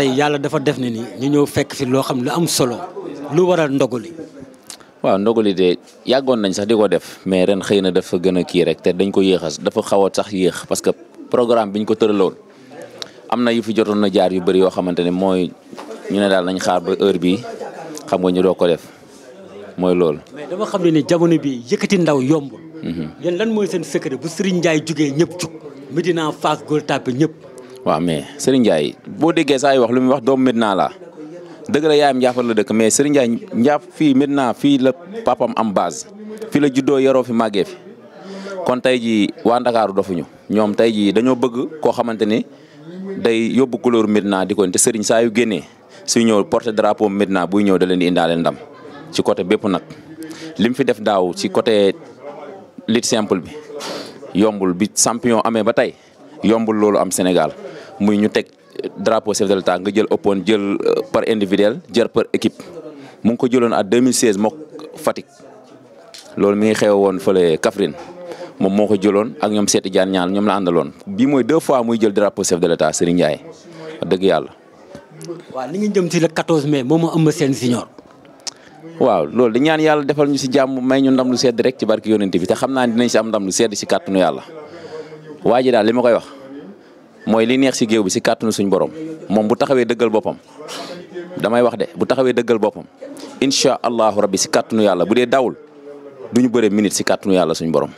tey yàlla dafa def ne ni ñu ñëw fekk fi loo xam lu am solo lu waral ndogali. waaw ndogoli de yàggoon nañ sax di ko def mais ren xëy na dafa gën a kii rek te dañ ko yéexas dafa xaw sax yéex parce que programme bi ñu ko tëraloon am na yu fi jotoon na jaar yu bëri yoo xamante ne mooy ñu ne daal nañ xaar ba heure bi xam nga ñu doo ko def mooy loolu. mais dama xam ne ni jamono bi yëkkati ndaw yomb. Mhm. yéen lan mooy seen secret bu Serigne Ndiaye jugee ñëpp jug. waaw mais Serigne Ndiaye boo déggee saa yu wax lu muy wax doomu Medina la dëgg la yaayam njaafal la dëkk mais Serigne Ndiaye njaaf fii Medina fii la papam am base fii la juddoo yaroo fi màggee fi kon tey jii waa Ndakaaru dofuñu ñoom tey jii dañoo bëgg koo xamante ni day yóbbu couleur Medina di ko te Serigne saa yu génnee suy ñëw porte drapeau Medina buy ñëw da leen di indaale ndam ci côté bépp nag lim fi def daaw ci côté lutte simple bi yombul bi champion amee ba tey. yombul loolu am Sénégal muy ñu teg drapeau chef de l'État nga jël ëppoon jël euh, par individuel jël par équipe mu ngi ko jëloon à 2016 mook Fatick loolu mi ngi xew woon fële Kaffrine moom moo ko jëloon ak ñoom seeti jaan ñaan ñoom la àndaloon bii mooy deux fois muy jël drapeau chef de l'État Serigne Ndiaye dëgg yàlla. waaw li nga jëm ci le 14 mai moom moo ëmb seen senior. waaw loolu di ñaan yàlla defal ñu ci jàmm may ñu ndam lu sedd rek ci barke yonent bi te xam naa dinañ ci am ndam lu sedd ci kàttanu yàlla. waa ji daal li ma koy wax mooy li neex si géew bi si kàttanu suñu borom moom bu taxawee dëggal boppam damay wax de bu taxawee dëggal boppam incha allahu rabbi si kàttanu yàlla bu dee dawul du ñu bëre minute si kàttanu yàlla suñu borom.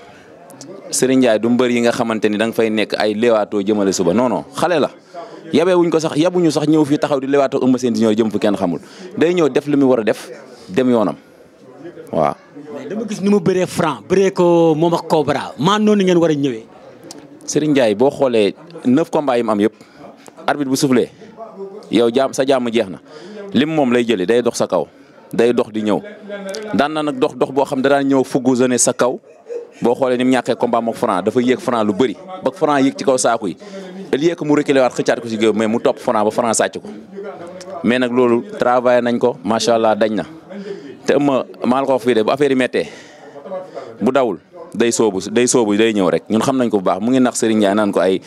Serigne Ndiaye du mbër yi nga xamante ni da nga fay nekk ay leewaatoo jëmale suba non non xale la yabee wuñ ko sax yabuñu sax ñëw fii taxaw di leewaatoo ëmb seen di ñëw jëm fu kenn xamul day ñëw def li muy war a def dem yoonam waaw. mais mu bëree franc bëree ko moom ak Cobra maa noonu ngeen war a ñëwee Serigne Ndiaye boo xoolee neuf combats yi am yëpp arbitre bu soufflé yow jaam sa jàmm jeex na lim moom lay jëli day dox sa kaw day dox di ñëw daan na nag dox dox boo xam da daan ñëw fuggu zone sa kaw boo xoolee ni mu ñàkkee combat mook Franc dafa yéeg Franc lu bëri ba Franc yéeg ci kaw saako yi lieu que mu reculer waat xëccaat ko si géew mais mu topp Franc ba Franc sàcc ko mais nag loolu travaillé nañ ko macha allah dañ na te ëmma maal ko fii de bu affaire yi méttee bu dawul. day soobu day soobu day ñëw rek ñun xam nañ ko bu baax mu ngi nax Serigne Ndiaye naan ko ay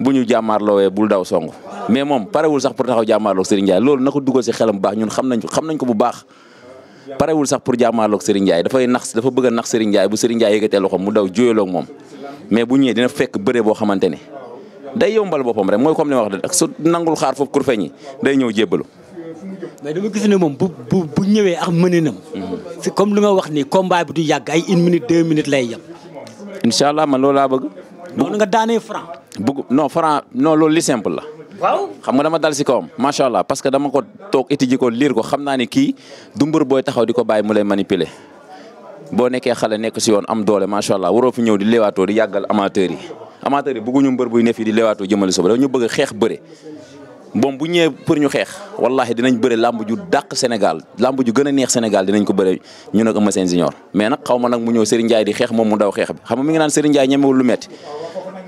bu ñu jàmmaarloowee bul daw song mais moom parewul sax pour taxaw jàmmaarloog Serigne Ndiaye loolu na ko dugal si xelam bu baax ñun xam nañ xam nañ ko bu baax parewul sax pour jàmmaarloog Serigne Ndiaye dafay nax dafa bëgg a nax Serigne bu Serigne Ndiaye yëkkatee loxoom mu daw jóyaloog moom mais bu ñëwee dana fekk bëre boo xamante ne day yombal boppam rek mooy comme li ma wax ak su nangul xaar foofu kur feñi day ñëw jébbalu mais dama gis ne moom bu bu bu ñëwee ak mëninam. Mhm. comme li nga wax ni combat bi du yàgg ay une minute deux minutes lay yem. incha allah man loolu laa bëgg. noonu nga daanee franc. bëgg non franc non li simple la. waaw xam nga dama dal si kawam macha allah parce que dama ko toog étudier ko liir ko xam naa ne kii du mbër booy taxaw di ko bàyyi mu lay manipuler. boo nekkee xale nekk si yoon am doole macha allah waroo fi ñëw di leewaatoo di yàggal amateur yi amateur yi bëgguñu mbër buy ne fii di leewaatoo jëmale soba ñu bëgg xeex bëre. moom bu ñëwee pour ñu xeex wallahi dinañ bëre làmb ju dàq Sénégal làmb ju gën a neex Sénégal dinañ ko bëre ñu nag Eumeu Sène junior mais nag xaw ma nag mu ñëw Serigne Ndiaye di xeex moom mu daw xeex xam nga mi ngi naan Serigne lu metti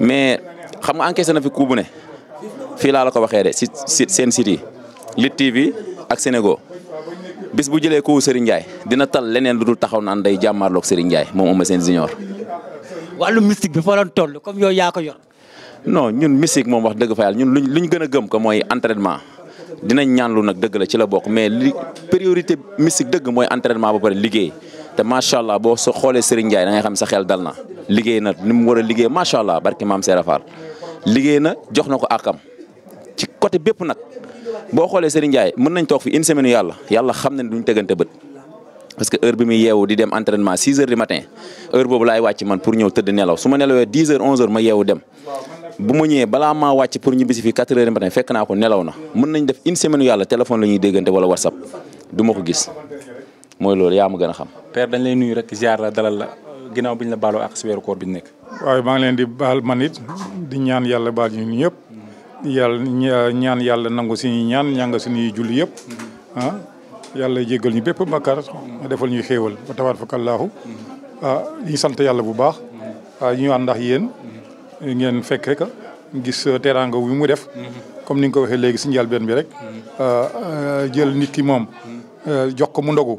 mais xam nga encaissé na fi coup bu ne fii laa la ko waxee de si si seen siti yi Lutte ak Sénégo bis bu jëlee ko Serigne Ndiaye dina tal leneen lu dul taxaw naan day jàmmaarloog Serigne Ndiaye moom Eumeu seen junior. wàllu mystique bi fa non ñun mystique moom wax dëgg fa yàlla ñun luñ luñ gën a gëm ko mooy entraînement dinañ ñaan lu nag dëgg la ci la bokk mais li priorité mystique dëgg mooy entraînement ba liggéey te macha allah boo soo xoolee Serigne Ndiaye xam sa xel dal na liggéey na ni mu war a liggéey macha allah barki maam Serap Fall liggéey na jox na ko akam ci côté bépp nag boo xoolee Serigne Ndiaye mën nañ toog fi une semaine yàlla yàlla xam ne duñ tegante bët. parce que heure bi muy yeewu di dem entraînement 6 heures du matin heure boobu laay wàcc man pour ñëw tëdd nelaw su ma nelawee 10 heures 11 ma yeewu dem bu ma ñëwee balaa maa wàcc pour ñu bisi fii 4 heures matin fekk naa ko nelaw na mën nañ def une semaine yàlla téléphone la ñuy déggante wala whatsapp du ma gis mooy loolu yaa ma gën a xam. père dañ lay nuyu rek ziar la dalal la ginnaaw bi ñu la baaloo ak si weeru koor bi ñu nekk. waaye maa leen di baal man di ñaan yàlla baal ñu ñëpp yàlla ñaan yàlla nango suñuy ñaan ñanga suñuy julli yëpp ah yàlla jéggal ñu bépp bakkaar defal ñuy xéewal ba tabaar fakallaahu ah ñu sant yàlla bu baax ah, ñu ànd ndax yéen ngeen fekk rek gis uh, teraanga wi mu def. Mm-hmm. comme ni nga ko waxee léegi si njëlbeen bi rek. Mm-hmm. Uh, uh, jël nit ki moom. Mm-hmm. jox ko mu ndogu.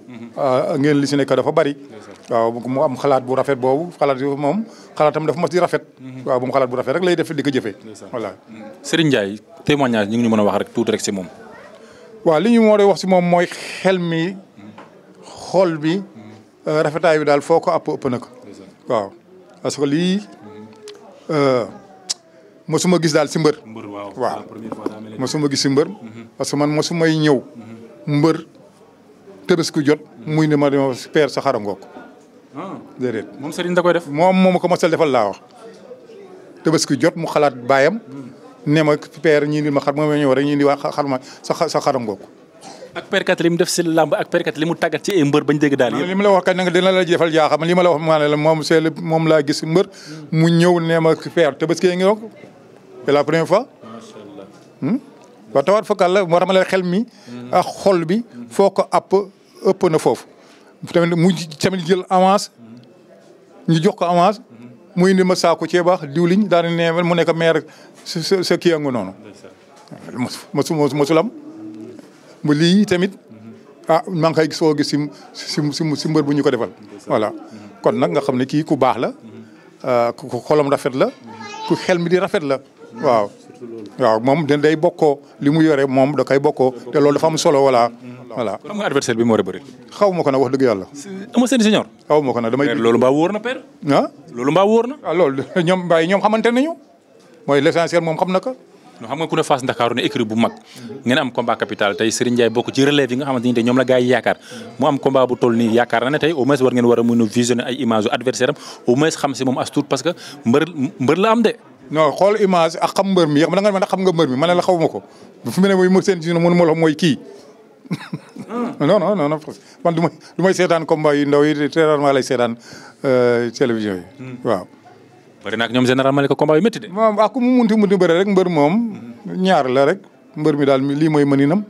ngeen li si nekk dafa bari. waaw mu am xalaat bu rafet boobu xalaat bi moom xalaatam dafa mas di rafet. waaw bu mu xalaat bu rafet rek lay def di ko jëfee. voilà Serigne Ndiaye témoignage ñu ngi ñu mën a wax rek tuuti rek si moom. waaw li ñu moo doon wax si moom mooy xel mi xol bi rafetaay bi daal foo ko àpp ëpp na ko waaw parce que lii. Euh, suma gis daal si mbër. mbër waaw ma mosuma gis si mbër. Mhm. parce que man ma mosumay ñëw. Mhm. mbër tëbësku jot. Mhm. muy ne ma dama père sa xar a ah. moom Serigne da koy def. moom moo ma ko mosal defal laa wax. tëbësku jot mu xalaat baayam. ne ma père ñii di ma xar ma ñëw rek ñii di wax xar ma sa sa xar a ngoog ak perkat li mu def si làmb ak perkat li mu tàggat ci ay mbër bañ dégg daal yëpp li ma la wax kat nag dina la defal yaa xam li la wax maa la moom c'est moom laa gis mbër mu ñëw nee ma feer te bés kee ngi donc c'est la première fois waaw hmm? tawaat ma xel mi ak bi foo ko app na foofu tamit mu tamit jël avance jox ko avance mhm. mu indi ma saako cee baax diwliñ daal di ne nekk maire sa sa kii angu ba lii tamit ah maa ngi koy soo gis si si si si bu ñu ko defal. voilà kon nag nga xam ne kii ku baax la ah, ku xolam rafet la ku xel mi di rafet la waaw. waaw moom da day bokko li mu yore moom da koy bokkoo te loolu dafa am solo voilà. voilà xam nga adversaire bi moo war a xaw ma ko nag wax dëgg yàlla. Eumeu Sène senior. xaw ma ko nag damay. loolu mbaa woor na père. ah loolu mbaa wóor na. ah loolu ñoom mbaa ñoom xamante nañu mooy l'essentiel moom xam na ko. no xam nga ku ne Fass Ndakaaru ne écurie bu mag ngeen am combat capital tey Serigne Ndiaye bokk ci relève yi nga xamante ni tey ñoom la gars yaakaar mu am combat bu toll nii yaakaar na ne tey au moins war ngeen war a mun a visionner au moins xam si moom as parce que mbër mbër la am de non xool image ak xam mbër mi yow da ma xam nga mbër mi ma ne la xaw ma ko fu mu ah. du may du may seetaan combat yu ndaw yi très rarement lay seetaan euh, télévision yi hmm. bëri na ak ñoom général Malika combat yu métti de. waaw waaw ku mu munti munti bëri rek mbër moom ñaar la rek mbër mi daal lii mooy mëninam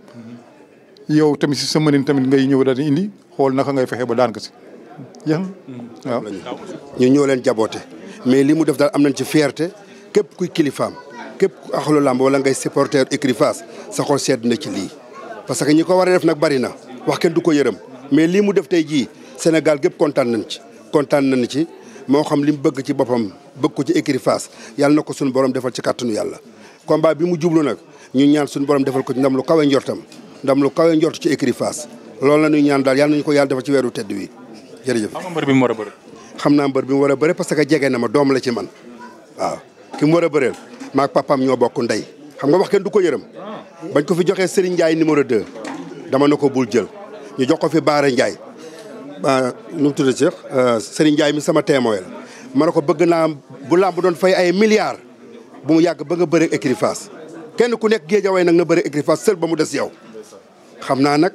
yow tamit si sa mënin tamit ngay ñëw daal di indi xool ka ngay fexe ba daan ko si. yan waaw. ñu ñoo leen jaboote mais li mu def daal am nañ ci fierté képp kuy kilifaam képp ku axalu làmb wala ngay supporter écurie Fass sa sedd na ci lii. parce que ñi ko war a def nag bari na wax kenn du ko yërëm mais lii mu def tey jii Sénégal gépp kontaan nañ ci kontaan nañ ci moo xam li mu bëgg ci boppam. bëgg ko ci écurie Fass na ko suñu borom defal ci kàttanu yàlla combat bi mu jublu nag ñu ñaan suñu borom defal ko ci ndam lu kawe njortam ndam lu kawe njort ci écurie Fass loolu la ñu ñaan daal yàlla nañu ko yàlla defal ci weeru tedd wi jërëjëf xam naa mbër bi mu war a parce que jege ma doom la ci man waaw ki mu war a bëreel maag papaam ñoo bokk ndey xam nga wax kenn du ko yërëm bañ ko fi joxe Serigne Ndiaye numéro 2 dama na ko bul jël ñu jox ko fi Baara Ndiaye nu mu tudd Cheikh Serigne Ndiaye mi sama témoin ma ne ko bëgg naa bu làmb doon fay ay milliards bu mu yàgg ba nga bëri écurie kenn ku nekk géejawaay nag na bëri écurie Fass ba mu des yow. xam naa nag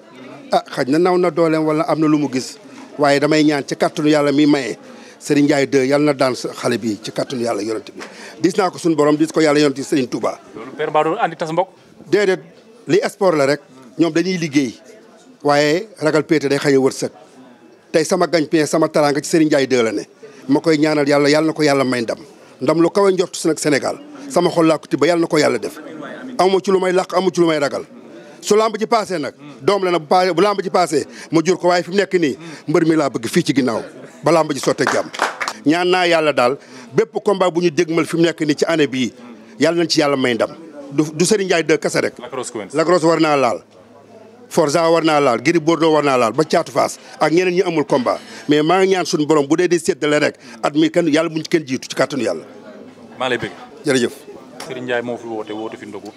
ah xaj na naw na dooleem wala am na lu mu gis waaye damay ñaan ci kàttanu yàlla mii maye Serigne Ndiaye 2 yàlla na daan xale bi ci kàttanu yàlla yonent bi naa ko suñu borom dis ko yàlla yonent Serigne Touba. loolu père Mbadou andi li sport la rek ñoom dañuy liggéey waaye ragal péete day xëy a wërsëg tey sama gagne sama taraanga ci Serigne Ndiaye 2 la ne. ma koy ñaanal yàlla yàlla na ko yàlla may ndam ndam lu kawe njortu si nag Sénégal sama xol laa ko tibb yàlla na ko yàlla def amu ci lu may làq amu ci lu may ragal su lamb ji paasee nag doom la na bu paasee bu lamb ji paasee ma jur ko waaye fi mu nekk nii mbër mi laa bëgg fii ci ginnaaw ba lamb ji sottee jàmm ñaan naa yàlla daal bépp combat bu ñu dégmal fi mu nekk nii ci année bii yàlla na ci yàlla may ndam du Serigne Ndiaye de kese rek. Lac Rose war naa laal. Forza war naa laal Gris Bordeaux war naa laal ba caatu faas ak ñeneen ñi amul combat mais maa ngi ñaan borom bu dee di séddale rek at mi kenn yàlla buñ kenn jiitu ci kàttanu yàlla. maa lay jërëjëf. Serigne Ndiaye fi woote woote fi ndogu.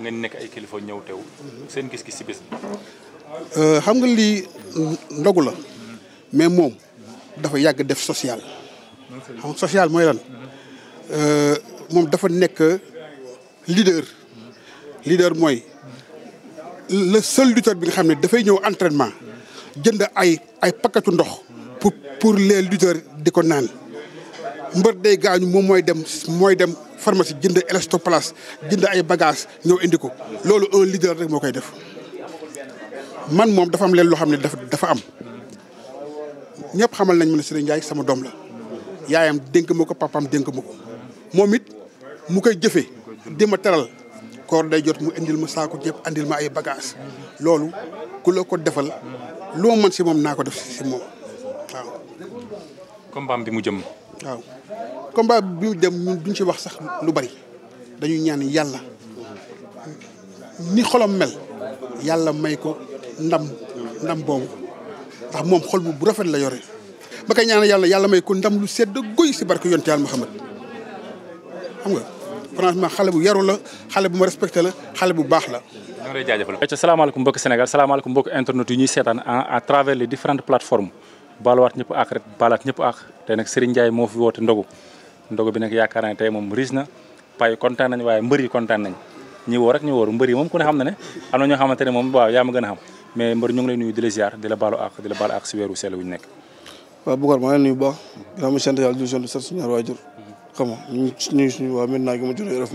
ngeen nekk ay kilifa ñëw teew. seen gis-gis ci euh, nga lii ndogu la. mais moom dafa yàgg def social. social mooy lan. Euh, moom dafa nekk leader. leader mooy. le seul lutteur bi nga xam ne dafay ñëw entraînement jënd ay ay pakkatu ndox pour pour les lutteurs di ko naan mbër day gaañu moom mooy dem mooy dem pharmacie jënd élastoplace jënd ay bagages ñëw indi ko loolu un leader rek moo koy def man moom dafa am leen loo xam ne dafa dafa am ñëpp xamal nañ ma ne Ndiaye sama doom la yaayam dénk ma ko papaam dénk ma ko moom it mu koy jëfee di ma teral koor day jot mu indil ma saako jëpp indil ma ay bagage loolu ku la ko defal lu ma mën si moom naa ko def si moom waaw. bi mu jëm. waaw combat bi mu jëm ñun duñ ci wax sax lu bari dañuy ñaan yàlla ni xolam mel yàlla may ko ndam ndam boobu ndax moom xol bu rafet la yore ba koy ñaan yàlla yàlla may ko ndam lu sedd guy si barke yonte yàlla Muhammad nga. franchement xale bu yaru xale bu ma respecté la xale bu baax la. ñu ngi lay jaajëfal. salaamaaleykum mbokki Sénégal salaamaaleykum mbokki internet yi ñuy seetaan à travers les différentes plateformes baaluwaat ñëpp ak rek baalaat ñëpp ak tey nag Serigne Ndiaye moo fi woote ndogu ndogu bi nag yaakaar naa tey moom riis na paa yi kontaan nañ waaye mbër yi nañ ñi woo rek ñu wooru mbër yi moom ku ne xam na ne am na ñoo xamante ne moom waaw yaa gën a xam mais mbër ñu ngi lay nuyu xam nga ñu nuyu suñu waa maintenant gi mhm. a baax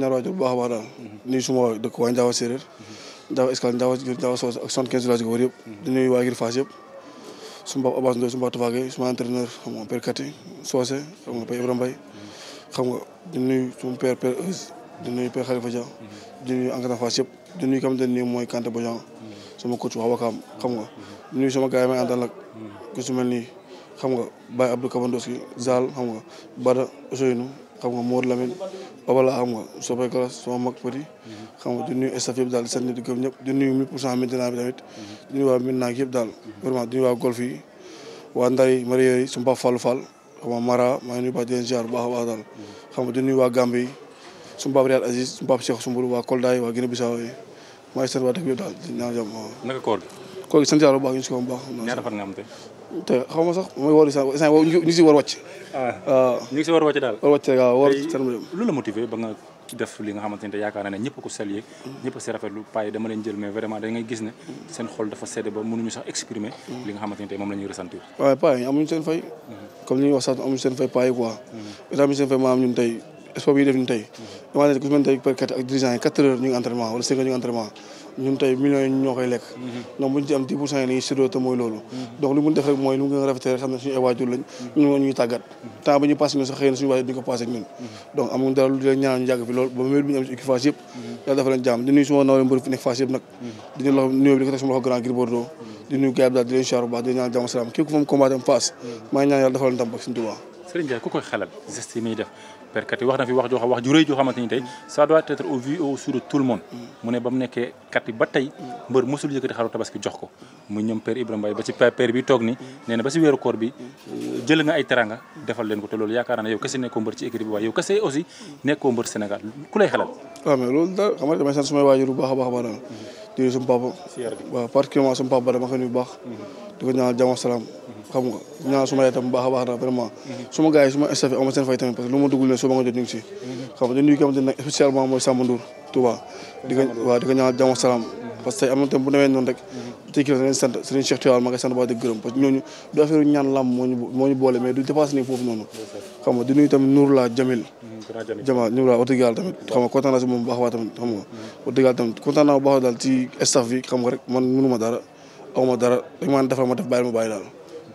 daal mhm. suma waa dëkk waa Njaawa séeréer mhm. Njaawa Escale Njaawa Njaawa Soos yëpp di nuyu waa ngir Fass yëpp suma baab Abbas Ndoye suma baab Tafage suma nga père Kati Soose xam nga père Ibrahima Mbaye xam nga kam te nii mooy Kanté Bodian suma coach waa xam nga di nuyu sama gars yi may ku su nii xam nga Baye Abdou Kabandoski Zal xam nga Bada Ousseynou xam nga Mor Lamine Obala xam nga Sopé Kalas sama mag petit xam nga di nuyu staff yëpp daal di ñëpp di nuyu mille bi tamit di nuyu waa Médina yëpp di nuyu waa golf yi waa Ndar yi Marieur yi suñu Pape Fallou Fall xam nga Mara maa ngi baax di bu baax a baax daal xam nga di waa Gambie yi suñu Pape Riyal Aziz suñu Pape waa Kolda waa Guinée Bissau yi maa waa dëkk yëpp daal di koor gi koor bu baax ñu si ko bu baax te xaw ma sax mooy wóor isaan isaan ñu si war wàcc. waaw ah. ah. ñu si war wàcc daal. war wàcc waaw war ci seen mbéyam. lu la motivé ba nga def li nga xamante ne yaakaar naa ne ñëpp a ko salué. ñëpp a si rafetlu paa yi dama leen jël mais vraiment da ngay gis ne seen xol dafa sedd ba mënuñu sax exprimer. li nga xamante ne moom la ñuy ressentir. waaw paa yi amuñu seen fay. Mhm. comme li ñuy wax sax amuñu seen fay paa yi quoi. Mhm. état amuñu seen fay maanaam ñun tey sport bi ñu def ñun tey. damaa ne ku si mel ni tey ak dirigeant yi quatre heures ñu ngi entraînement wala cinq heures ñu ngi entraînement ñun tey millions yi ñoo koy lekk mhm. donc bu ñu ci am 10 pour cent yi lañuy séddoo mooy loolu mhm. donc li mu def rek mooy lu mu gën a rek xam ne suñu ay waajur mhm. temps ba ñu passé yëpp yàlla dafa leen jàmm di nuyu suma nawle mbër fi nekk Fass yëpp nag di nuyu loxo nuyoo daal di leen siyaar bu baax salaam képp ku mu combattre am maa ñaan yàlla dafa leen ndam ak suñu Tuubaa Serigne Ndiaye ku koy xelal geste yi def perkat yi wax na fi wax joo ju rëy joo xamante ni tey ça doit au vu au sous tout le monde mm. mu ne ba mu nekkee kat ba tey mm. mbër mosul yëkkati xaru tabaski jox ko muy ñoom père Ibrahima Mbaye ba ci père bi toog ni mm. nee ba si weeru koor bi euh, jël nga ay teranga defal leen ko te loolu yaakaar naa ne yow kese nekkoo mbër ci équipe bi waaye yow kese aussi nekkoo mbër Sénégal ku lay xelal waaw mais loolu a baax baa daal di suñu ba dama ko nuyu baax di ko ñaanal jàmm salaam xam nga ñaan suma yaay tam baax a baax na vraiment mhm. suma gars yi suma staff seen fay tamit parce lu ma dugg leen soo ba nga jot ñu si xam nga di nuyu kamante nag spécialement mooy Jamil mhm, Jama Nourla wax tamit xam nga baax mhm. waa tamit xam bu baax daal ci staff bi xam nga rek man mënuma dara dara dañ maa defal ma def bàyyi ma daal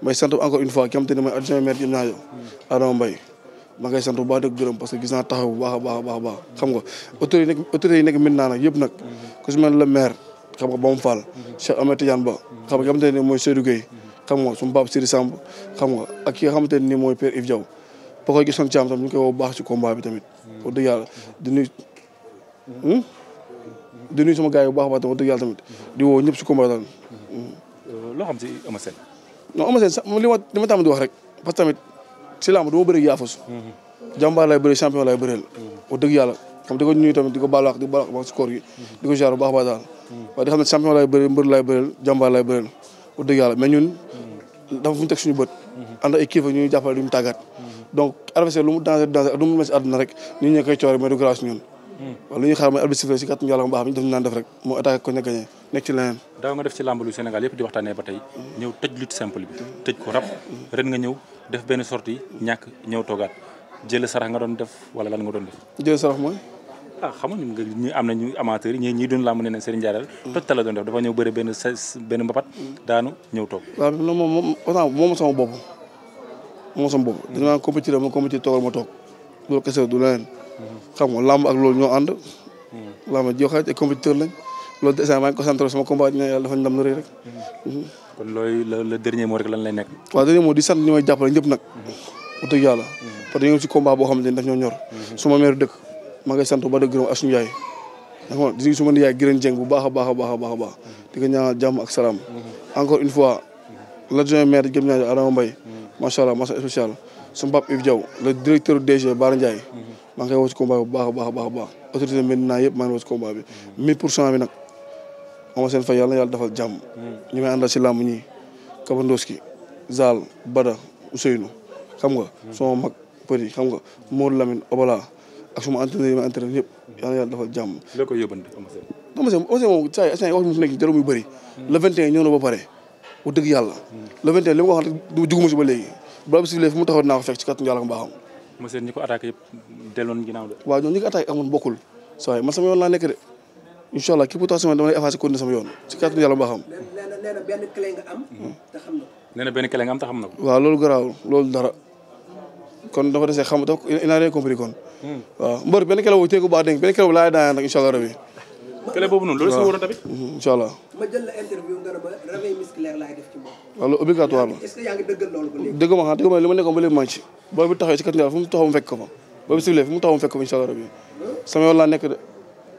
may sant encore une fois ki am te ne mooy adjoint maire jëm ñaajo Adama Mbaye ma ngay sant bu baax dëgg que gis naa taxaw bu baax a baax a xam nga autorité nekk autorité yi nekk nag yëpp nag ku si mel le maire xam nga Bam Fall Cheikh Ahmed Tidiane Ba ne mooy Seydou xam nga suñu Pape Siri Samb xam nga ak ki nga xamante ne ni mooy Père Yves Diaw ba koy gisoon caam tam ñu ngi koy woo baax bi tamit wax dëgg yàlla di nuyu hmm? di nuyu sama gars yi baax a baax tamit wax di woo ñëpp ci hmm. euh, loo xam ci Eumeu non Eumeu Sène sax li ma li ma tàmm di wax rek parce que tamit si làmb du ma bëri yaafus. Mhm. jàmbaar lay champion lay bëreel. Mhm. wax dëgg yàlla xam di ko nuyu tamit di ko baalu àq mhm. di ko baalu àq ba si koor di ko jaar bu baax a baax daal. waaye di xam ne champion lay bëri mbër lay bëreel jàmbaar lay bëreel wax dëgg yàlla mais ñun. dafa fu ñu teg suñu bët. ànd ay kilifa ñu jàppale duñu tàggat. donc adversaire lu mu danger danger lu rek ñun ñoo koy coore mais du grâce ñun waaw lu ñuy xaar mooy arbitre sifflé si kàttanu yàlla mu baax mi def ñu naan def rek moo attaqué ko ne gagné nekk ci leneen daaw nga def ci làmb lu Sénégal yëpp di waxtaanee ba tey ñëw tëj lutte simple bi tëj ko rab ren nga ñëw def benn sortie ñàkk ñëw toogaat jël sarax nga doon def wala lan nga doon def jël sarax mooy ah xam nga ñu am nañu amateur yi ñi ñii doon làmb ne ne Serigne toj ta la doon def dafa ñëw bëre benn ses benn mbapat daanu ñëw toog waaw non moom moom moom sama bopp moom sama bopp xam nga làmb ak loolu ñoo ànd. làmb joxaaj ay compétiteur lañ loolu des na maa ngi concentré sama combat ñu ne yàlla dafa ñu ndam lu rëy rek. lool looy le dernier mot rek lan lay nekk. waaw dernier mot di sant ñi may jàppale ñëpp nag. wax dëgg yàlla. parce que ñoo ngi boo xam ne daf ñoo ñor. suma mère dëkk maa ngi sant ba dëgg gërëm ak yaay. d'accord di suma yaay Girène bu baax a baax a baax a baax di ko ñaanal jàmm ak salaam. encore une fois la l'adjoint maire Guédiawaye Adama mbay macha allah macha spécial su pap Yves Diaw le directeur DG Bara Ndiaye mhm. maa ngi koy woo ci combat bu baax a baax a baax a baax autorité maintenant yëpp maa ngi woo ci combat bi mhm. mille pour cent bi mhm. nga sama ma entraîneur yëpp yàlla yàlla defal jàmm loo koy yóbbante ama seen ama seen moom saa yi instant wax mu fi nekk jarul muy bëri le ba pare yàlla le 21 li ma ko wax ba am sifflet fi mu taxaw dinaa ko fekk ci kattan yàlla mbaaxam. monsieur ñi ko attaqué yëpp delloon ginnaaw de. waaw ñoom ñi ko attaqué bokkul saa waay man sama yoon laa nekk de incha allah képp ku tax sama yoon ci kattan yàlla mbaaxam. na nee na benn clé nga am. ko. nee na benn clé nga am te xam na ko. waaw loolu garaawul loolu dara kon dafa desee xam dafa il a rien compris kon. Hmm. waaw mbër benn clé boobu téye ko benn clé boobu laay nag incha allah rabi kële boobu noonu loolu si waroon tamit. Mhm, incha allah. ma jël la interview nga ne ma réveil musculaire laay def loolu obligatoire la. est xam dëgg li ma nekkoon ba léegi maa ngi ci. boobu taxaw ci kat mu taxaw mu fekk ko fa boobu sibilee fu mu taxaw mu fekk ko fa incha allah rabbi sama yoon laa nekk de.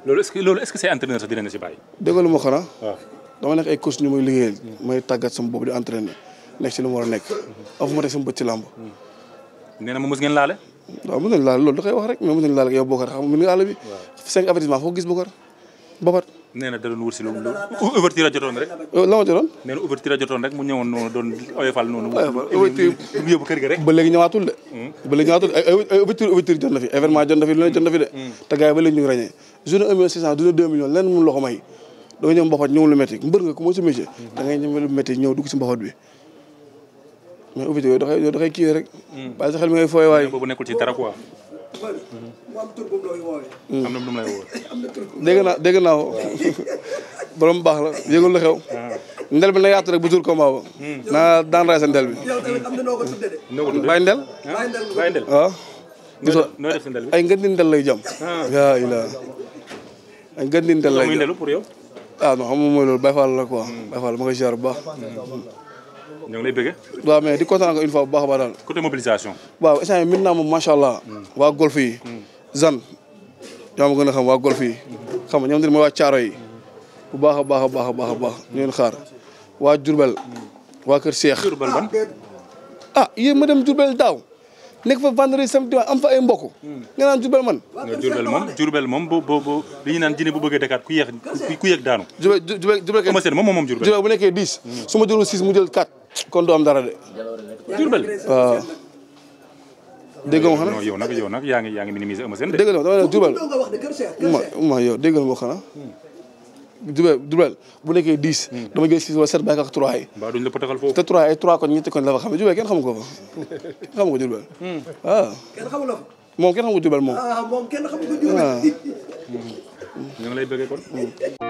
loolu est-ce que loolu est-ce que say entraîneur sax dina ne si bàyyi. dëggalu ma xanaa. waaw dama nekk ay coach ñu may liggéeyal may tàggat sama boobu di entraîner nekk ci li mu war a nekk. afu ma teg sama bët ci làmb. Mm. nee ma mos ngeen laale. waaw loolu da koy wax rek mais mos nañ laale ak bi. cinq Bobar. nee na da doon wër si loolu a jotoon rek. la jotoon. nee na ouverture a jotoon rek mu ñëwoon noonu doon oyofal noonu. ouverture mu yóbbu ba léegi ñëwaatul de. Hmm. ba léegi ñëwaatul ay ay ouverture ouverture jot na fi événement jot na fi lu ne jot na fi de. Hmm. Hmm. te gars yi ba léegi ñu ngi ràññee. journée 1 million 600 journée 2 millions lenn mu loxo may da ñëw mbapat ñëw lu métti mbër nga ko mooy sa métier. da ngay ñëw dugg si mbapat bi. mais ouverture yooyu da rek. bàyyi sa xel mi ngay fooy waay. boobu nekkul ci dara mbëri mu mm. am na lu bu dégg naa dégg naa ko. borom baax la yëgul lu xew. Ah. ndel bi na yaatu rek bu jur combat ba. Mm. naa daan raay sa ndel bi. yow tamit na noo ko de. Ah. ay ngëndi ndel lay jam. yaa ah. ilaa ay ngëndi ndel lay jam. pour yow. ah loolu Baye Fall la quoi. Mm. Baye Fall ma koy ziar bu ñu ngi lay bëgg. waaw mais di kontaan encore une bu baax a baax daal. côté mobilisation. waaw instant yii maintenant moom macha allah. Hmm. waa golf yi. Hmm. zan yaa ma gën a xam waa golf yi. Hmm. xam ñoom tamit mooy waa caaro yi. bu baax a baax a baax a baax a baax ñu leen xaar waa Diourbel. waa Kër Cheikh Diourbel ban. ah yéen ma dem Diourbel daaw. nekk fa vendredi samedi am fa ay mbokk. nga naan Diourbel man. nga Diourbel moom Diourbel moom bu bu bu li ñu naan jine bu bu nekkee 10. su ma jëloon 6 mu jël 4. kon du am dara de. Diourbel waaw. Ah. dégg nga xam ne yow nag yow nag yaa ngi yaa ngi minimiser Eumeu Sène de. dégg nga ma bu nekkee 10. Hmm. dama jël 6 wala 7 bàyyi ko ak 3 yi. mbaa duñ la pëtaxal foofu. te 3 ay 3 kon ñetti kon la fa xam ne Diourbel hmm. ah. ah, moom kenn xamu ko Diourbel moom. kenn xamu ko Diourbel. ñu